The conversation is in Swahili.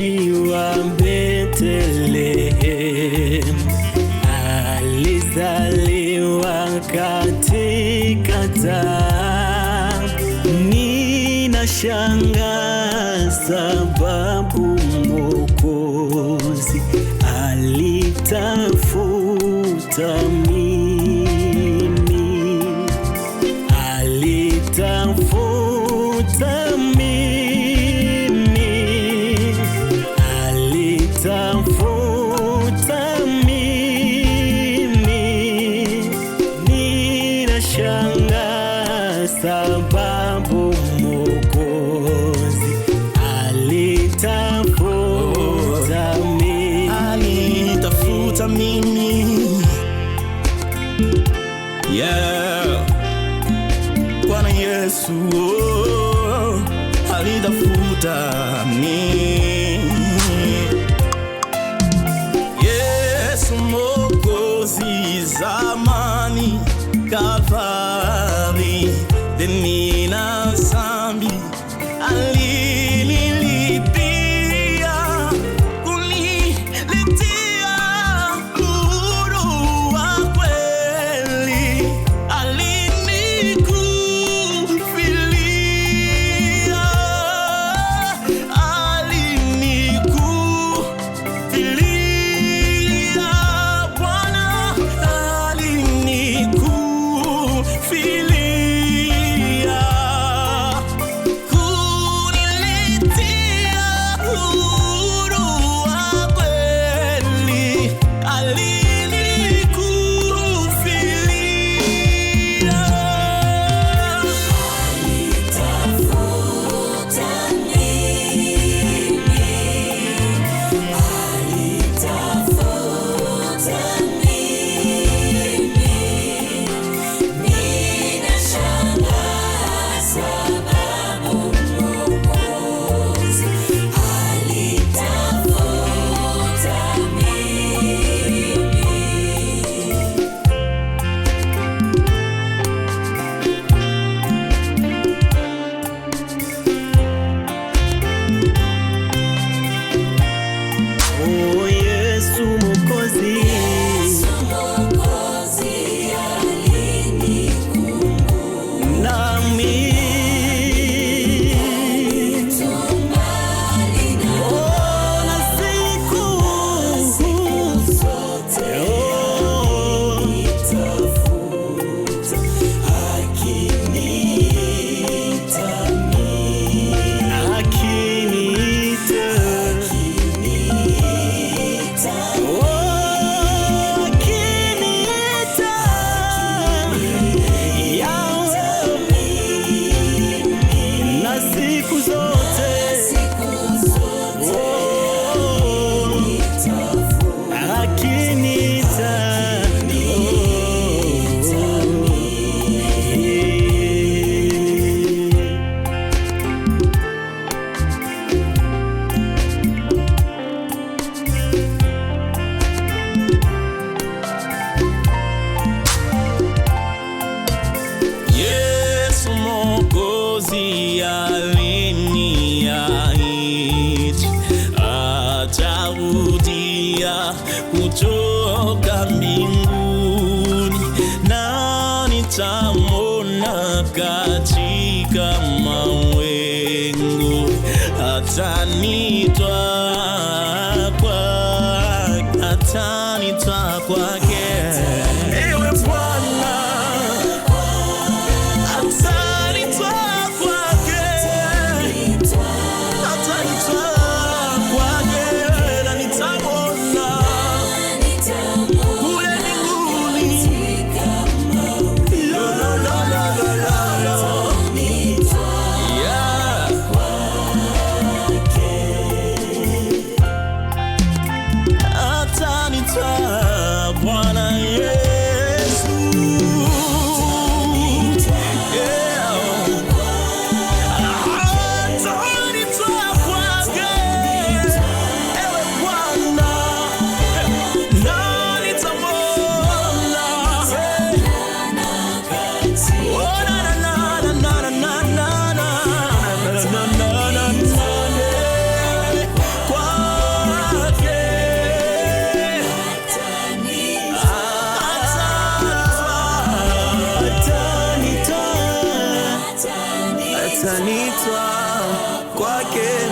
mwananchi wa Bethlehem alizaliwa katikata. Ninashangaa sababu Mwokozi alitafuta sababu Mwokozi alitafuta mimi, alitafuta mimi. Yeah. Bwana Yesu oh. sialinia nchi ataudia kutoka mbinguni, na nitamwona katika mawengu, atanitwa kwake toi, quoique.